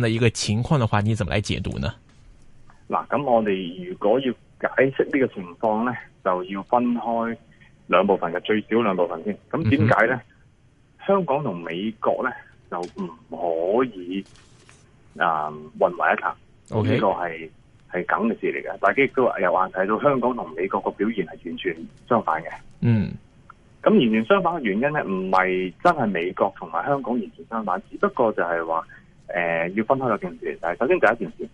的一個情況的話，你怎麼來解讀呢？嗱，咁我哋如果要解釋呢個情況呢，就要分開兩部分嘅，最少兩部分先。咁點解呢？嗯、哼香港同美國呢，就唔可以啊、呃、混為一談。呢 Okay. 個係係梗嘅事嚟嘅。大家亦都話有眼睇到香港同美國個表現係完全相反嘅。嗯，咁完全相反嘅原因呢，唔係真係美國同埋香港完全相反，只不過就係話。誒、呃，要分開咗件事。但係首先第一件事，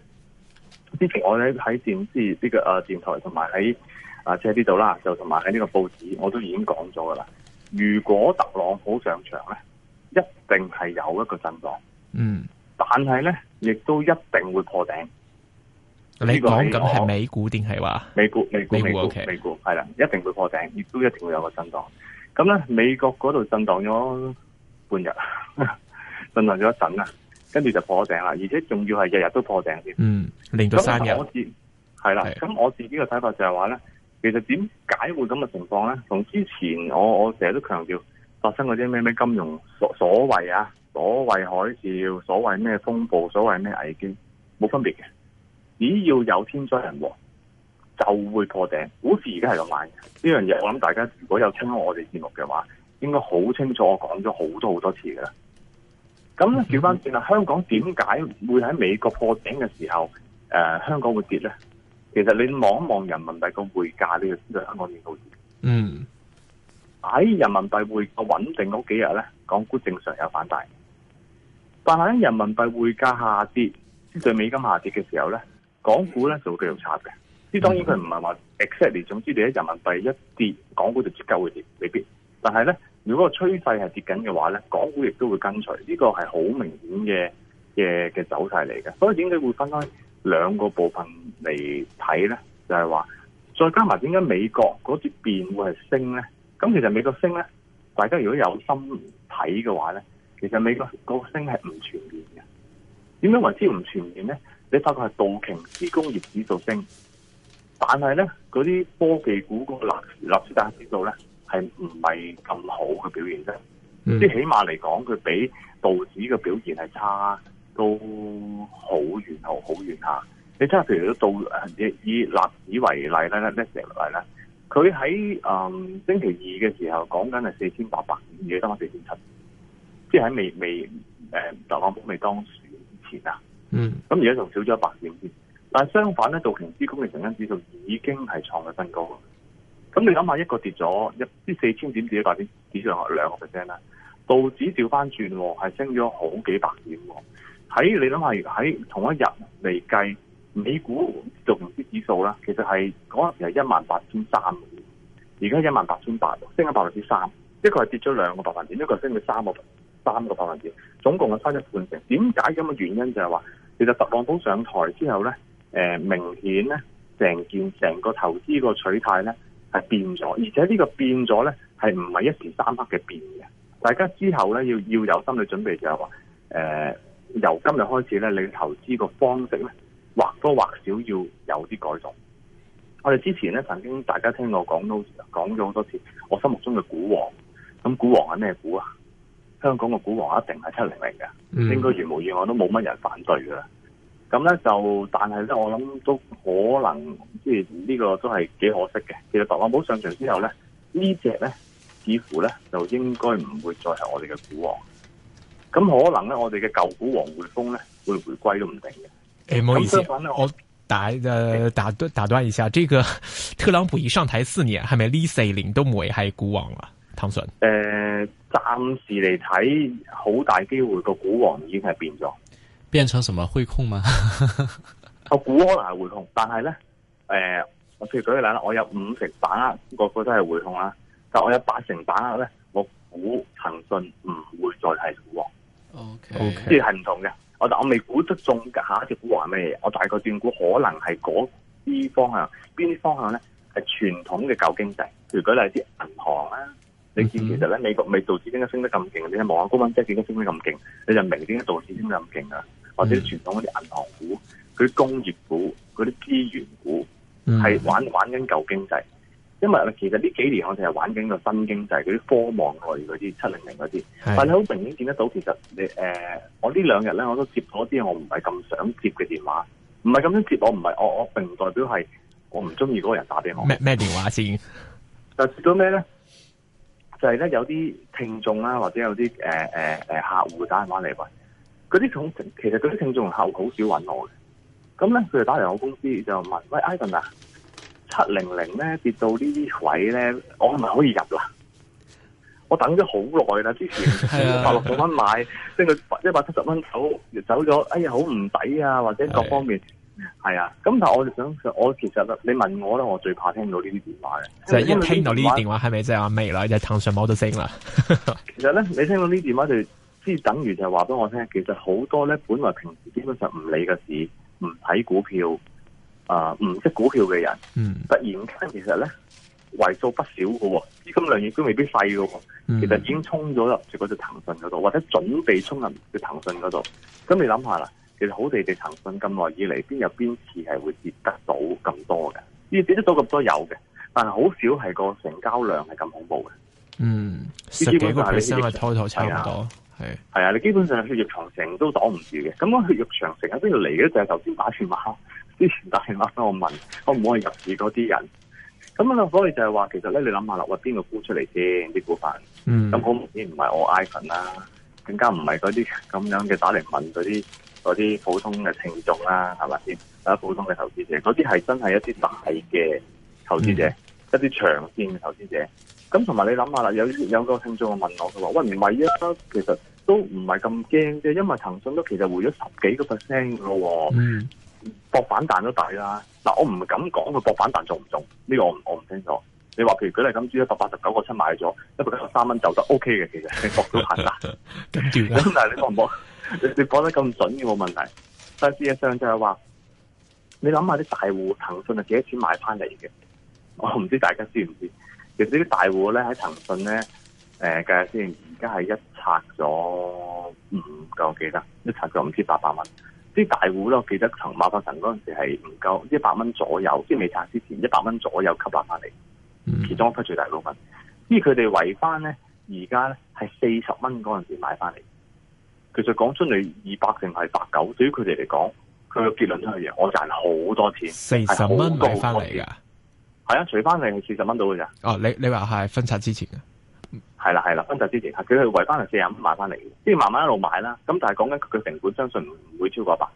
之前我哋喺電視呢、這個誒、呃、電台，同埋喺啊車呢度啦，就同埋喺呢個報紙，我都已經講咗噶啦。如果特朗普上場咧，一定係有一個震盪，嗯，但係咧亦都一定會破頂。嗯、你講緊係美股定係話美股？美股美股 okay. 美股係啦，一定會破頂，亦都一定會有個震盪。咁咧，美國嗰度震盪咗半日，震盪咗一陣啊！跟住就破咗頂啦，而且仲要係日日都破頂添。嗯，令到三日。係啦，咁我自己嘅睇法就係話咧，其實點解會咁嘅情況咧？同之前我我成日都強調發生嗰啲咩咩金融所所謂啊，所謂海嘯，所謂咩風暴，所謂咩危機，冇分別嘅。只要有天災人禍，就會破頂。股市而家係咁買嘅呢樣嘢，我諗大家如果有聽我哋節目嘅話，應該好清楚我講咗好多好多次嘅啦。咁照翻轉啦，香港點解會喺美國破頂嘅時候，誒、呃、香港會跌咧？其實你望一望人民幣個匯價，你就知道香港面好跌嗯，喺人民幣匯價穩定嗰幾日咧，港股正常有反彈。但係喺人民幣匯價下跌，相對美金下跌嘅時候咧，港股咧就會繼續差嘅。呢當然佢唔係話 exactly，總之你喺人民幣一跌，港股就即刻會跌，未必。但係咧。如果個趨勢係跌緊嘅話咧，港股亦都會跟隨，呢個係好明顯嘅嘅嘅走勢嚟嘅。所以點解會分開兩個部分嚟睇咧？就係、是、話再加埋點解美國嗰啲變會係升咧？咁其實美國升咧，大家如果有心睇嘅話咧，其實美國個升係唔全面嘅。點樣為之唔全面咧？你發覺係道瓊斯工業指數升，但係咧，嗰啲科技股嗰個納納斯達克指數咧？係唔係咁好嘅表現啫？即係、嗯、起碼嚟講，佢比道指嘅表現係差都好遠好好遠吓。你睇下，譬如到以以納指為例咧咧咧成咧，佢喺、呃、星期二嘅時候講緊係四千八百點，得返四千七，即係喺未未誒，特朗普未當選前啊。嗯。咁而家仲少咗一百點先，但係相反咧，道瓊斯工業平均指數已經係創咗新高。咁你諗下，一個跌咗一啲四千點跌咗百點指數係兩個 percent 啦，道指調翻轉喎，係升咗好幾百點喎。喺你諗係下喺同一日嚟計，美股就唔知指數啦，其實係嗰日係一萬八千三，而家一萬八千八，升咗百分之三。一個係跌咗兩個百分點，一個升咗三個三個百分點，總共係翻一半成。點解咁嘅原因就係話，其實特朗普上台之後咧、呃，明顯咧，成件成個投資個取態咧。係變咗，而且呢個變咗呢，係唔係一時三刻嘅變嘅？大家之後呢，要要有心理準備，就係話誒，由今日開始呢，你投資個方式呢，或多或少要有啲改動。我哋之前呢，曾經大家聽我講咗講咗好多次，我心目中嘅股王，咁股王係咩股啊？香港嘅股王一定係七零零嘅，應該如無意外都冇乜人反對㗎啦。咁咧就，但係咧，我諗都可能，即係呢個都係幾可惜嘅。其實特朗普上場之後咧，呢隻咧，似乎咧就應該唔會再係我哋嘅股王。咁可能咧，我哋嘅舊股王匯豐咧，會回歸都唔定嘅。誒、哎，唔好意思。但我打誒打斷打斷一下，呢個特朗普一上台四年，係咪呢四年都唔會係股王啊？唐孫。誒，暫時嚟睇，好大機會個股王已經係變咗。變成什麼匯控嗎？ 我估可能係匯控，但係咧，誒、呃，我譬如舉個例啦，我有五成把握，個個都係匯控啦。但我有八成把握咧，我估騰訊唔會再係股王。O K，即係唔同嘅。我但我未估得中的下一隻股王係咩嘢，我大概斷估可能係嗰啲方向。邊啲方向咧係傳統嘅舊經濟？譬如舉例啲銀行啦，你見其實咧美國未道指點解升得咁勁？你望下高登即係點解升得咁勁，你就明點解道指升得咁勁啊！或者傳統嗰啲銀行股、嗰啲工業股、嗰啲資源股，係玩玩緊舊經濟。因為其實呢幾年我哋係玩緊個新經濟，嗰啲科網類嗰啲七零零嗰啲。是的 但係你好明顯見得到，其實你誒、呃，我呢兩日咧，我都接咗啲我唔係咁想接嘅電話，唔係咁樣接，我唔係我我並唔代表係我唔中意嗰個人打俾我。咩咩電話先 ？就接咗咩咧？就係咧有啲聽眾啦，或者有啲誒誒誒客戶打電話嚟喂。啲其實嗰啲聽眾客好少揾我嘅，咁咧佢就打嚟我公司就問：喂艾 v 啊，七零零咧跌到呢啲位咧，我係咪可以入啦？我等咗好耐啦，之前百六十蚊買，升 到一百七十蚊走，走咗，哎呀，好唔抵啊！或者各方面係啊，咁的的但係我就想，我其實你問我咧，我最怕聽到呢啲電話嘅，就係一聽到呢啲電話，係咪即係話未來就騰上冇都升啦？其實咧，你聽到呢啲電話就。即係等於就係話俾我聽，其實好多咧，本來平時基本上唔理嘅市，唔睇股票，啊、呃，唔識股票嘅人，突然間其實咧，為數不少嘅喎，資金量亦都未必細嘅喎，其實已經沖咗入住嗰隻騰訊嗰度，或者準備沖入去騰訊嗰度。咁你諗下啦，其實好地地騰訊咁耐以嚟，邊有邊次係會跌得到咁多嘅？要跌得到咁多有嘅，但係好少係個成交量係咁恐怖嘅。嗯，十幾個 percent 差唔多。係係啊！你基本上血液長城都擋唔住嘅。咁個血液長城喺邊度嚟嘅咧？就係頭先打電話之前打電話俾我問，可唔可以入市嗰啲人？咁啊，所以就係話，其實咧，你諗下啦，喂，邊個沽出嚟先啲股份？嗯，咁好明顯唔係我 Ivan 啦、啊，更加唔係嗰啲咁樣嘅打嚟問嗰啲啲普通嘅聽眾啦，係咪先？大家，普通嘅投資者，嗰啲係真係一啲大嘅投資者，嗯、一啲長線嘅投資者。咁同埋你諗下啦，有有一個聽眾問我佢話，喂，唔係啊，其實都唔係咁驚啫，因為騰訊都其實回咗十幾個 percent 噶咯，搏，嗯、反彈都抵啦。嗱，我唔敢講佢搏反彈中唔中，呢，呢個我我唔清楚。你話譬如佢係咁知一百八十九個七買咗，一百九十三蚊就得 OK 嘅，其實搏到反彈。咁 但係你講唔講你講得咁準嘅冇問題。但係事實上就係話，你諗下啲大戶騰訊係幾多錢買翻嚟嘅，我唔知大家知唔知。其實啲大戶咧喺騰訊咧，誒計下先，而家係一拆咗五，我記得，一拆咗唔知八百蚊啲大戶咧，我記得曾馬化騰嗰陣時係唔夠一百蚊左右，即係未拆之前一百蚊左右吸納翻嚟，其中一批最大股份。至於佢哋圍翻咧，而家咧係四十蚊嗰陣時買翻嚟。其實講出嚟二百定係八九，對於佢哋嚟講，佢嘅結論都係我賺好多錢，四十蚊買翻嚟噶。係啊，除翻你四十蚊到嘅咋？哦，你你話係分拆之前嘅，係啦係啦，分拆之前，佢係圍翻係四十蚊買翻嚟嘅，即係慢慢一路買啦。咁但係講緊佢嘅成本，相信唔會超過百，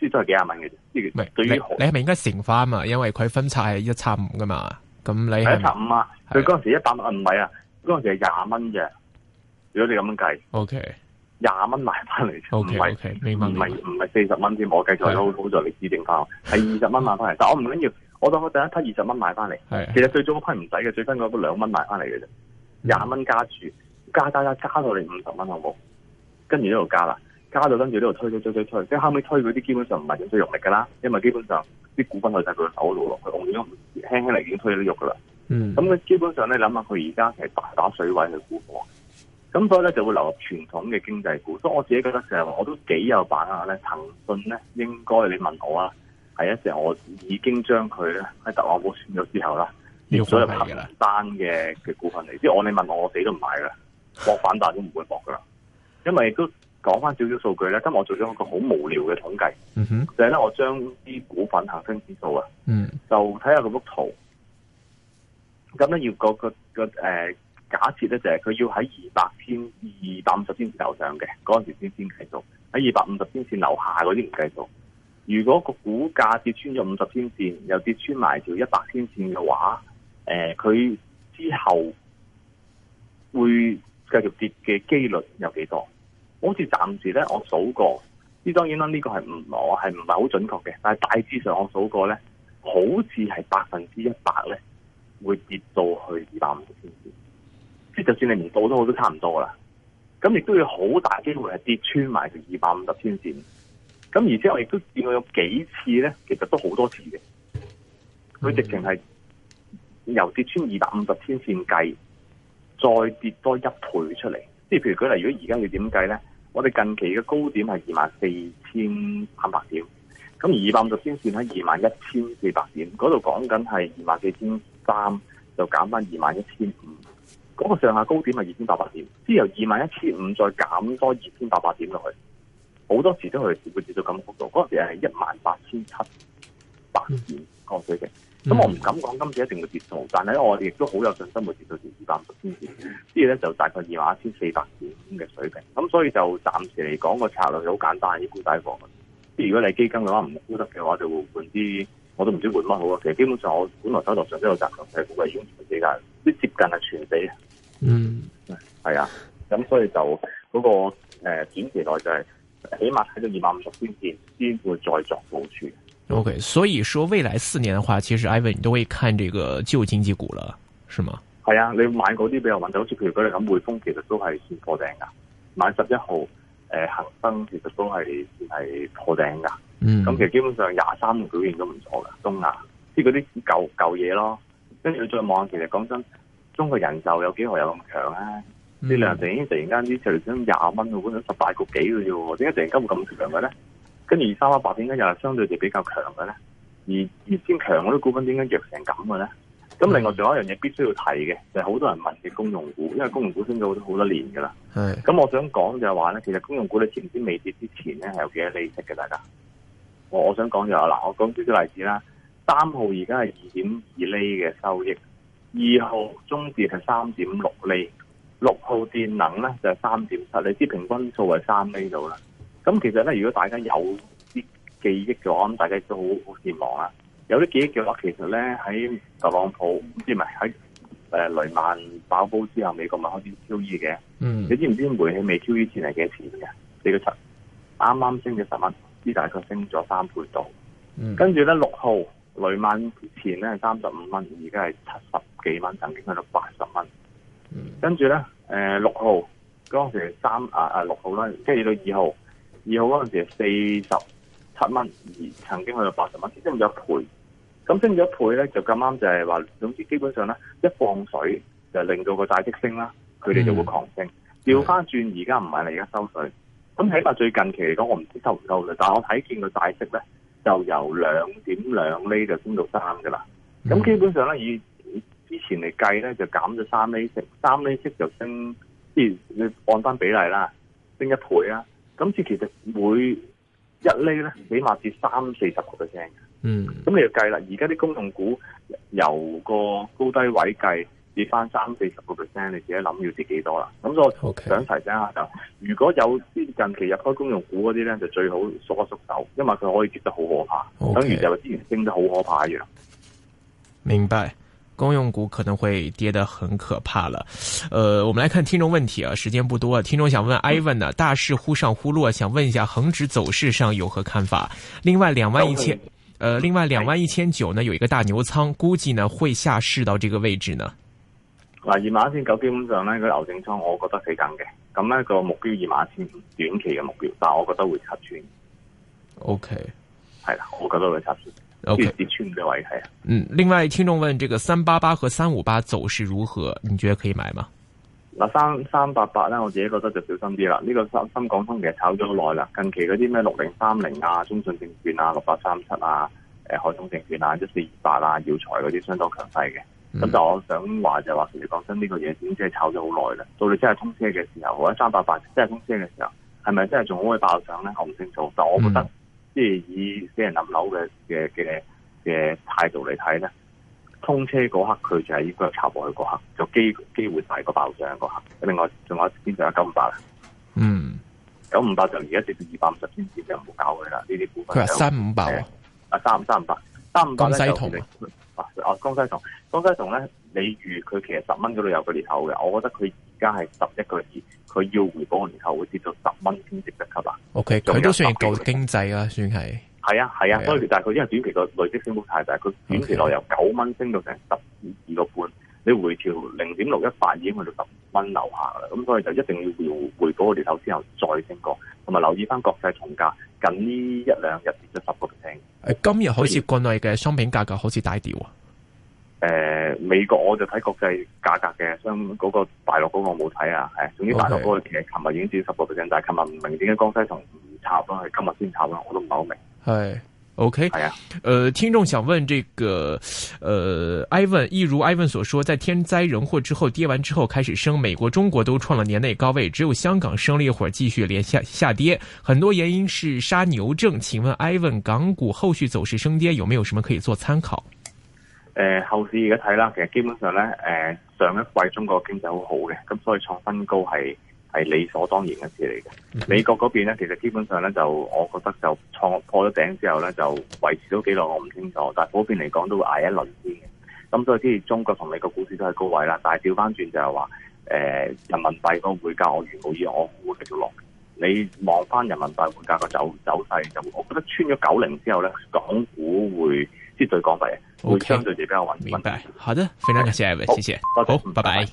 即係都係幾廿蚊嘅。即係對於你係咪應該乘翻嘛？因為佢分拆係一拆五噶嘛？咁你一拆五啊？佢嗰陣時一百米啊，嗰陣時係廿蚊嘅。如果你咁樣計，OK，廿蚊買翻嚟，OK，OK，唔係唔係四十蚊添？我計咗好在你指定返。方，係二十蚊買翻嚟。但我唔緊要。我當我第一批二十蚊買翻嚟，其實最終嗰批唔使嘅，最終嗰個兩蚊買翻嚟嘅啫，廿蚊加住，加加加加到你五十蚊，好冇？跟住呢度加啦，加到跟住呢度推推推推，推，即係後尾推嗰啲基本上唔係咁最用力噶啦，因為基本上啲股份去喺佢手嗰度咯，佢用咗輕輕嚟已經推咗啲肉噶啦。嗯，咁佢基本上咧諗下佢而家係大把水位去估貨，咁所以咧就會流入傳統嘅經濟股。所以我自己覺得成日話，我都幾有把握咧，騰訊咧應該你問我啊。係啊，即係我已經將佢咧喺特朗普選咗之後啦，所有恒生嘅嘅股份嚟，即係我你問我，我死都唔買噶，我反彈都唔會搏噶因為亦都講翻少少數據咧，今日我做咗一個好無聊嘅統計，嗯哼，就係咧我將啲股份恒生指數啊，嗯，就睇下嗰幅圖，咁咧要個個誒假設咧就係佢要喺二百天、二百五十天線上嘅嗰陣時先先繼續，喺二百五十天線樓下嗰啲唔繼續。如果個股價跌穿咗五十天線，又跌穿埋條一百天線嘅話，誒、呃，佢之後會繼續跌嘅機率有幾多？好似暫時咧，我數過。呢當然啦，呢個係唔我係唔係好準確嘅，但係大致上我數過咧，好似係百分之一百咧，會跌到去二百五十天線，即係就算你唔到都好，都差唔多啦。咁亦都要好大機會係跌穿埋條二百五十天線。咁而且我亦都見過有幾次咧，其實都好多次嘅。佢直情係由跌穿二百五十天線計，再跌多一倍出嚟。即係譬如舉例，如果而家要點計咧，我哋近期嘅高點係二萬四千五百點，咁二百五十天線喺二萬一千四百點，嗰度講緊係二萬四千三，就減翻二萬一千五，嗰個上下高點係二千八百點，即係由二萬一千五再減多二千八百點落去。好多次都時都係會跌到咁幅度，嗰陣時係一萬八千七百點嗰個水平。咁我唔敢講今次一定會跌到，但係我亦都好有信心會跌到百子板。啲嘢咧就大概二萬一千四百點嘅水平。咁所以就暫時嚟講個策略好簡單，要沽低貨。即如果你基金嘅話唔沽得嘅話，就會換啲，我都唔知換乜好啊。其實基本上我本來手頭上都有扎騰嘅股票已經全死曬，啲接近係全死。嗯，係啊，咁所以就嗰、嗰個誒短期內就係、是。起碼睇到二百五十天線先會再作部署。OK，所以說未來四年的話，其實 Ivan 你都會看這個舊經濟股啦，是嗎？係啊，你買嗰啲比較穩，就好似譬如舉例咁，匯豐其實都係先破頂噶，買十一號，誒、呃、恒生其實都係算係破頂噶，咁、嗯、其實基本上廿三嘅表現都唔錯噶，東亞，即係嗰啲舊舊嘢咯，跟住再望，其實講真，中國人壽有幾何有咁強啊？呢兩成已經突然間啲，除咗廿蚊嘅股份十八個幾嘅啫，點解突然間會咁強嘅咧？跟住二三一八，點解又係相對就比較強嘅咧？而越先強嗰啲股份，點解弱成咁嘅咧？咁、嗯、另外仲有一樣嘢必須要提嘅，就係、是、好多人問嘅公用股，因為公用股升咗好多好多年噶啦。咁的我想講就係話咧，其實公用股你前邊未跌之前咧，係有幾多少利息嘅，大家。我我想講就係嗱，我講少少例子啦。三號而家係二點二厘嘅收益，二號中跌係三點六厘。六號電能咧就係三點七，你知平均數係三厘度啦。咁其實咧，如果大家有啲記憶嘅話，咁大家都好好健忘啊。有啲記憶嘅話，其實咧喺特朗普唔知唔咪喺誒雷曼爆煲之後，美國咪開始 QE 嘅？嗯、mm，hmm. 你知唔知道煤氣未 QE 前係幾錢嘅？四個七，啱啱升咗十蚊，依大概升咗三倍度。嗯、mm，hmm. 跟住咧六號雷曼前咧係三十五蚊，而家係七十幾蚊，曾經去到八十蚊。嗯、跟住咧，誒六號嗰陣時係三啊啊六號啦，跟住到二號，二號嗰陣時係四十七蚊，而曾經去到八十蚊，升咗一倍。咁升咗一倍咧，就咁啱就係話，總之基本上咧，一放水就令到個債息升啦，佢哋就會狂升。調翻轉而家唔係啦，而家收水。咁起碼最近期嚟講，我唔知收唔收，但係我睇見個債息咧，就由兩點兩厘就升到三噶啦。咁基本上咧以。之前嚟計咧，就減咗三厘息，三厘息就升，即係你按翻比例啦，升一倍啦。咁即其實每一厘咧，起碼至三四十個 percent。嗯，咁你要計啦。而家啲公用股由個高低位計，跌翻三四十個 percent，你自己諗要跌幾多啦。咁所以我想提醒下就，Okay. 如果有啲近期入開公用股嗰啲咧，就最好縮一縮手，因為佢可以跌得好可怕，Okay. 等如就之前升得好可怕一樣。明白。公用股可能會跌得很可怕了，呃，我們來看聽眾問題啊，時間不多，聽眾想問 Ivan 呢，大市忽上忽落，想問一下恒指走勢上有何看法？另外兩萬一千，呃，另外兩萬一千九呢，有一個大牛倉，估計呢會下市到這個位置呢。嗱 Okay.，二萬一千九基本上呢，個牛證倉我覺得死梗嘅，咁呢個目標二萬一千五，短期嘅目標，但我覺得會拆穿。OK，係啦，我覺得會拆穿。OK。跌穿嘅位係啊。嗯，另外聽眾問，這個三八八和三五八走勢如何？你覺得可以買嗎？嗱，三三八八咧，我自己覺得就小心啲啦。呢、這個深深港通其實炒咗好耐啦。近期嗰啲咩六零三零啊、中信證券啊、六八三七啊、誒、呃、海通證券啊、一四二八啊、耀才嗰啲相當強勢嘅。咁但係我想話就話，說這其實講真，呢個嘢已經真係炒咗好耐啦。到你真係通車嘅時候，或者三八八真係通車嘅時候，係咪真係仲可以爆上咧？我唔清楚。但我覺得、嗯。即係以俾人冧樓嘅嘅嘅嘅態度嚟睇咧，通車嗰刻佢就係應該係抄盤嘅嗰刻，就機機會大過爆漲嗰刻。另外仲有一邊上九五八啦，500, 嗯，九五八就而家跌到二百五十先至，就唔好搞佢啦。呢啲股份佢話三五八嘅，500, 嗯、啊三五三五八，三五八咧就啊江西銅、啊，江西銅，江西銅咧，你預佢其實十蚊嗰度有個裂口嘅，我覺得佢而家係十一個二。佢要回補嘅年頭會跌到十蚊先值得吸啊！O K，佢都算係救經濟啦，算係。係啊，係啊，所以、啊、但係佢因為短期嘅累積升幅太大，佢短期內由九蚊升到成十二個半，Okay. 你回調零點六一八已經去到十蚊樓下啦。咁所以就一定要回回補嘅年頭先有再升過，同埋留意翻國際重價，近呢一兩日跌咗十個 percent。誒，今日好似國內嘅商品價格好似大跌啊！美國我就睇國際價格嘅，所以嗰個大陸嗰個冇睇啊，係。總之大陸嗰個其實，琴日已經跌十 percent，但係琴日唔明點解江西同插咯，係今日先插啦，我都唔係好明。係 Hey。OK，係啊，呃，聽眾想問這個，呃，Ivan，一如 Ivan 所說，在天災人禍之後跌完之後開始升，美國、中國都創了年內高位，只有香港升了一會兒，繼續連下下跌，很多原因是殺牛證。請問 Ivan，港股後續走勢升跌有沒有什麼可以做參考？誒、呃，後市而家睇啦，其實基本上咧，誒、呃、上一季中國嘅經濟好好嘅，咁所以創新高係係理所當然嘅事嚟嘅。美國嗰邊咧，其實基本上咧就，就，就，就、呃、就，我覺得就創破咗頂之後咧，就維持咗幾耐我唔清楚，但係普遍嚟講都捱一輪先。咁所以，中國同美國股市都係高位啦。但係調翻轉就係話，誒人民幣個匯價我原冇以我估會跌落。你望翻人民幣匯價個走走勢，就我覺得穿咗九零之後咧，港股會。啲對講費嘅，對比較穩定。Okay. 明白，好的，非常感謝，艾文，謝謝，謝謝好，拜拜好。